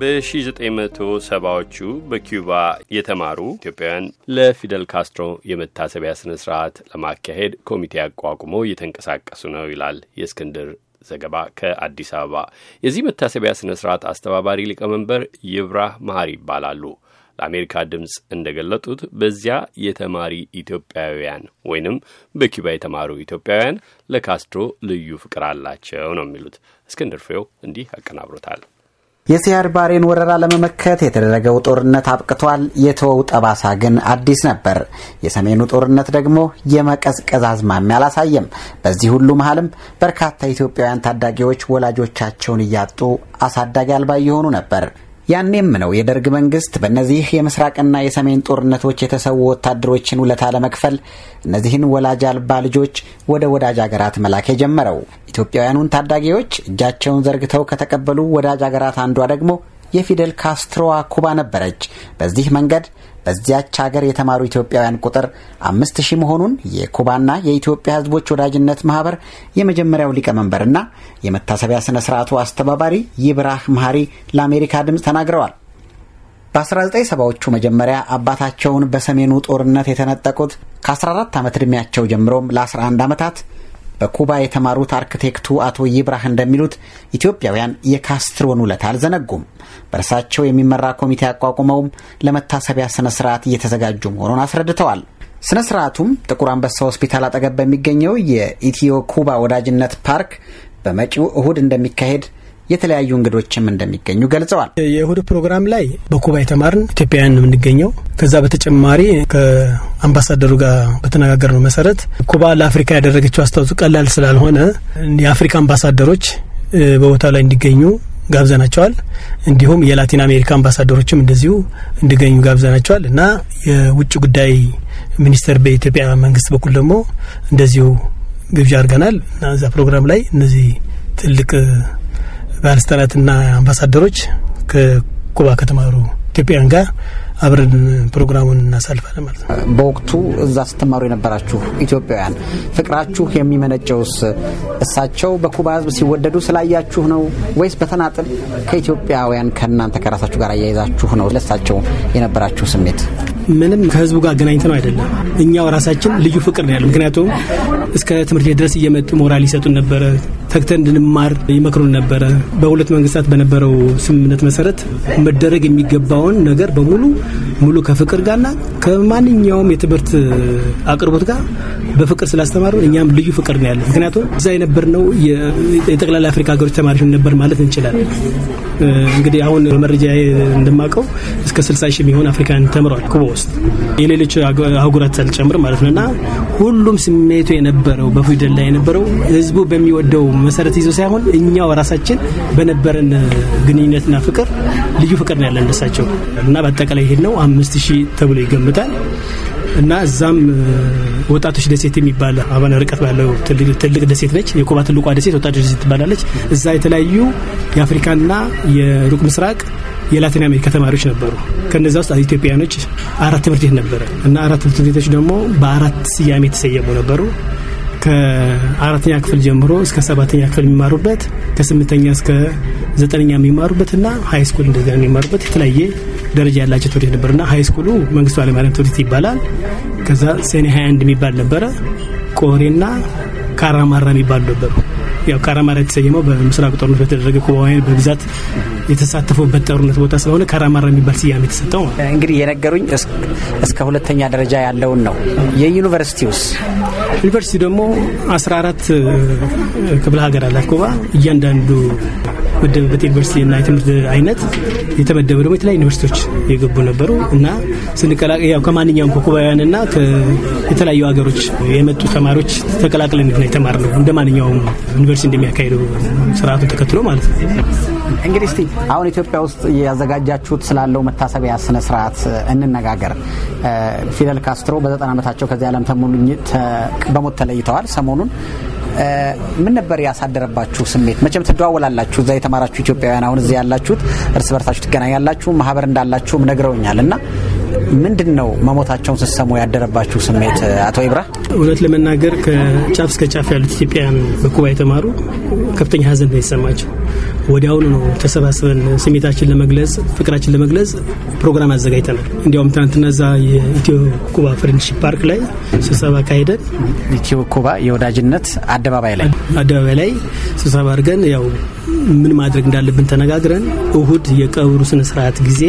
በ1970ዎቹ በኪዩባ የተማሩ ኢትዮጵያውያን ለፊደል ካስትሮ የመታሰቢያ ስነ ስርዓት ለማካሄድ ኮሚቴ አቋቁመው እየተንቀሳቀሱ ነው ይላል የእስክንድር ዘገባ ከአዲስ አበባ። የዚህ መታሰቢያ ስነ ስርዓት አስተባባሪ ሊቀመንበር ይብራህ መሀሪ ይባላሉ። ለአሜሪካ ድምፅ እንደገለጡት በዚያ የተማሪ ኢትዮጵያውያን ወይንም በኪባ የተማሩ ኢትዮጵያውያን ለካስትሮ ልዩ ፍቅር አላቸው ነው የሚሉት። እስክንድር ፍሬው እንዲህ አቀናብሮታል። የሲያድ ባሬን ወረራ ለመመከት የተደረገው ጦርነት አብቅቷል። የተወው ጠባሳ ግን አዲስ ነበር። የሰሜኑ ጦርነት ደግሞ የመቀዝቀዝ አዝማሚያ አላሳየም። በዚህ ሁሉ መሀልም በርካታ ኢትዮጵያውያን ታዳጊዎች ወላጆቻቸውን እያጡ አሳዳጊ አልባ እየሆኑ ነበር። ያኔም ነው የደርግ መንግስት በእነዚህ የምስራቅና የሰሜን ጦርነቶች የተሰዉ ወታደሮችን ውለታ ለመክፈል እነዚህን ወላጅ አልባ ልጆች ወደ ወዳጅ አገራት መላክ የጀመረው። ኢትዮጵያውያኑን ታዳጊዎች እጃቸውን ዘርግተው ከተቀበሉ ወዳጅ አገራት አንዷ ደግሞ የፊደል ካስትሮዋ ኩባ ነበረች። በዚህ መንገድ በዚያች ሀገር የተማሩ ኢትዮጵያውያን ቁጥር አምስት ሺህ መሆኑን የኩባና የኢትዮጵያ ሕዝቦች ወዳጅነት ማህበር የመጀመሪያው ሊቀመንበርና የመታሰቢያ ስነ ስርዓቱ አስተባባሪ ይብራህ መሀሪ ለአሜሪካ ድምፅ ተናግረዋል። በ1970ዎቹ መጀመሪያ አባታቸውን በሰሜኑ ጦርነት የተነጠቁት ከ14 ዓመት ዕድሜያቸው ጀምሮም ለ11 ዓመታት በኩባ የተማሩት አርክቴክቱ አቶ ይብራህ እንደሚሉት ኢትዮጵያውያን የካስትሮን ውለት አልዘነጉም። በእርሳቸው የሚመራ ኮሚቴ አቋቁመውም ለመታሰቢያ ስነ ስርዓት እየተዘጋጁ መሆኑን አስረድተዋል። ስነ ስርዓቱም ጥቁር አንበሳ ሆስፒታል አጠገብ በሚገኘው የኢትዮ ኩባ ወዳጅነት ፓርክ በመጪው እሁድ እንደሚካሄድ የተለያዩ እንግዶችም እንደሚገኙ ገልጸዋል። የእሁድ ፕሮግራም ላይ በኩባ የተማርን ኢትዮጵያውያን ነው የምንገኘው። ከዛ በተጨማሪ ከአምባሳደሩ ጋር ነው መሰረት ኩባ ለአፍሪካ ያደረገችው አስተዋጽኦ ቀላል ስላልሆነ የአፍሪካ አምባሳደሮች በቦታው ላይ እንዲገኙ ጋብዘናቸዋል። እንዲሁም የላቲን አሜሪካ አምባሳደሮችም እንደዚሁ እንዲገኙ ጋብዘናቸዋል እና የውጭ ጉዳይ ሚኒስቴር በኢትዮጵያ መንግስት በኩል ደግሞ እንደዚሁ ግብዣ አድርገናል እና እዛ ፕሮግራም ላይ እነዚህ ትልቅ ባለስልጣናትና አምባሳደሮች ከኩባ ከተማሩ ኢትዮጵያውያን ጋር አብረን ፕሮግራሙን እናሳልፋለን ማለት ነው። በወቅቱ እዛ ስትማሩ የነበራችሁ ኢትዮጵያውያን ፍቅራችሁ የሚመነጨውስ እሳቸው በኩባ ሕዝብ ሲወደዱ ስላያችሁ ነው ወይስ በተናጥል ከኢትዮጵያውያን ከእናንተ ከራሳችሁ ጋር አያይዛችሁ ነው ለእሳቸው የነበራችሁ ስሜት? ምንም ከህዝቡ ጋር አገናኝተ ነው አይደለም። እኛው ራሳችን ልዩ ፍቅር ነው ያለ። ምክንያቱም እስከ ትምህርት ቤት ድረስ እየመጡ ሞራል ይሰጡን ነበረ። ተግተን እንድንማር ይመክሩን ነበረ። በሁለት መንግስታት በነበረው ስምምነት መሰረት መደረግ የሚገባውን ነገር በሙሉ ሙሉ ከፍቅር ጋርና ከማንኛውም የትምህርት አቅርቦት ጋር በፍቅር ስላስተማሩ እኛም ልዩ ፍቅር ነው ያለ። ምክንያቱም እዛ የነበርነው የጠቅላላ አፍሪካ ሀገሮች ተማሪዎች ነበር ማለት እንችላለን። እንግዲህ አሁን በመረጃ እንደማውቀው እስከ 60 ሺህ የሚሆን አፍሪካን ተምሯል ኩባ ውስጥ የሌሎች አህጉራት ሳልጨምር ማለት ነው እና ሁሉም ስሜቱ የነበ የነበረው በፊውደል ላይ የነበረው ህዝቡ በሚወደው መሰረት ይዞ ሳይሆን እኛው ራሳችን በነበረን ግንኙነትና ፍቅር ልዩ ፍቅር ነው ያለን ደሳቸው እና በአጠቃላይ ይሄድ ነው አምስት ሺህ ተብሎ ይገምታል እና እዛም ወጣቶች ደሴት የሚባል አባና ርቀት ባለው ትልቅ ደሴት ነች። የኩባ ትልቋ ደሴት ወጣቶች ደሴት ትባላለች። እዛ የተለያዩ የአፍሪካና የሩቅ ምስራቅ የላቲን አሜሪካ ተማሪዎች ነበሩ። ከነዛ ውስጥ ኢትዮጵያውያኖች አራት ትምህርት ቤት ነበረ እና አራት ትምህርት ቤቶች ደግሞ በአራት ስያሜ የተሰየሙ ነበሩ። ከአራተኛ ክፍል ጀምሮ እስከ ሰባተኛ ክፍል የሚማሩበት ከስምንተኛ እስከ ዘጠነኛ የሚማሩበት እና ሀይ እንደዚ የሚማሩበት የተለያየ ደረጃ ያላቸው ትውልት ነበር እና ሃይስኩሉ መንግስቱ ኃይለማርያም ትውልት ይባላል። ከዛ ሰኔ 21 የሚባል ነበረ። ቆሬና ካራማራ የሚባሉ ነበሩ። ያው ካራማራ የተሰየመው በምስራቅ ጦርነት በተደረገ ኩባውያን በብዛት የተሳተፉበት ጦርነት ቦታ ስለሆነ ከራማራ የሚባል ስያሜ የተሰጠው ነው። እንግዲህ የነገሩኝ እስከ ሁለተኛ ደረጃ ያለውን ነው። የዩኒቨርሲቲውስ ዩኒቨርሲቲ ደግሞ 14 ክፍለ ሀገር አላት ኩባ። እያንዳንዱ መደበበት ዩኒቨርሲቲ እና የትምህርት አይነት የተመደበ ደግሞ የተለያዩ ዩኒቨርሲቲዎች የገቡ ነበሩ እና ስንቀላቅ ያው ከማንኛውም ከኩባውያን እና የተለያዩ ሀገሮች የመጡ ተማሪዎች ተቀላቅለን ነው የተማርነው እንደ ማንኛውም ዩኒቨርሲቲ እንደሚያካሄደው ስርዓቱን ተከትሎ ማለት ነው። እንግዲህ እስቲ አሁን ኢትዮጵያ ውስጥ ያዘጋጃችሁት ስላለው መታሰቢያ ስነ ስርዓት እንነጋገር። ፊደል ካስትሮ በዘጠና ዓመታቸው ከዚህ ዓለም በሞት ተለይተዋል። ሰሞኑን ምን ነበር ያሳደረባችሁ ስሜት? መቼም ትደዋወላላችሁ እዛ የተማራችሁ ኢትዮጵያውያን፣ አሁን እዚህ ያላችሁት እርስ በርሳችሁ ትገናኛላችሁ። ማህበር እንዳላችሁም ነግረውኛል እና ምንድን ነው መሞታቸውን ስትሰሙ ያደረባችሁ ስሜት? አቶ ይብራ፣ እውነት ለመናገር ከጫፍ እስከ ጫፍ ያሉት ኢትዮጵያውያን በኩባ የተማሩ ከፍተኛ ሀዘን ነው የተሰማቸው። ወዲያውኑ ነው ተሰባስበን ስሜታችን ለመግለጽ ፍቅራችን ለመግለጽ ፕሮግራም አዘጋጅተናል። እንዲያውም ትናንትና እዛ የኢትዮ ኩባ ፍሬንድሺፕ ፓርክ ላይ ስብሰባ ካሄደን ኢትዮ ኩባ የወዳጅነት አደባባይ ላይ አደባባይ ላይ ስብሰባ አድርገን ያው ምን ማድረግ እንዳለብን ተነጋግረን እሁድ የቀብሩ ስነ ስርዓት ጊዜ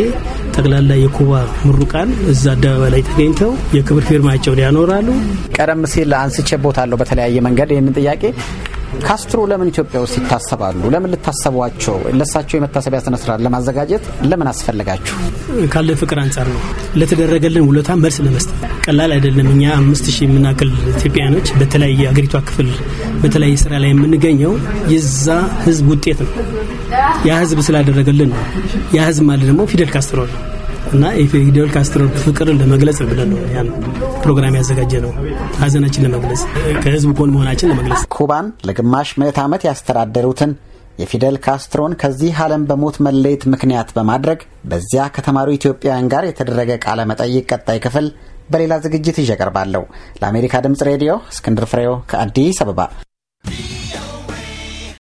ጠቅላላ የኩባ ምሩቃን እዛ አደባባይ ላይ ተገኝተው የክብር ፊርማቸውን ያኖራሉ። ቀደም ሲል አንስቼ አለው በተለያየ መንገድ ይህንን ጥያቄ ካስትሮ ለምን ኢትዮጵያ ውስጥ ይታሰባሉ? ለምን ልታሰቧቸው? ለሳቸው የመታሰቢያ ስነ ስርዓት ለማዘጋጀት ለምን አስፈለጋችሁ? ካለ ፍቅር አንጻር ነው። ለተደረገልን ውለታ መልስ ለመስጠት ቀላል አይደለም። እኛ አምስት ሺህ የምናክል ኢትዮጵያኖች በተለያየ አገሪቷ ክፍል በተለያየ ስራ ላይ የምንገኘው የዛ ህዝብ ውጤት ነው። ያ ህዝብ ስላደረገልን ነው። ያ ህዝብ ማለት ደግሞ ፊደል ካስትሮ ነው። እና የፊደል ካስትሮ ፍቅርን ለመግለጽ ብለን ነው ያን ፕሮግራም ያዘጋጀ ነው። ሀዘናችን ለመግለጽ ከህዝብ ጎን መሆናችን ለመግለጽ ኩባን ለግማሽ ምዕት ዓመት ያስተዳደሩትን የፊደል ካስትሮን ከዚህ ዓለም በሞት መለየት ምክንያት በማድረግ በዚያ ከተማሩ ኢትዮጵያውያን ጋር የተደረገ ቃለ መጠይቅ ቀጣይ ክፍል በሌላ ዝግጅት ይዤ ለአሜሪካ ድምፅ ሬዲዮ እስክንድር ፍሬው ከአዲስ አበባ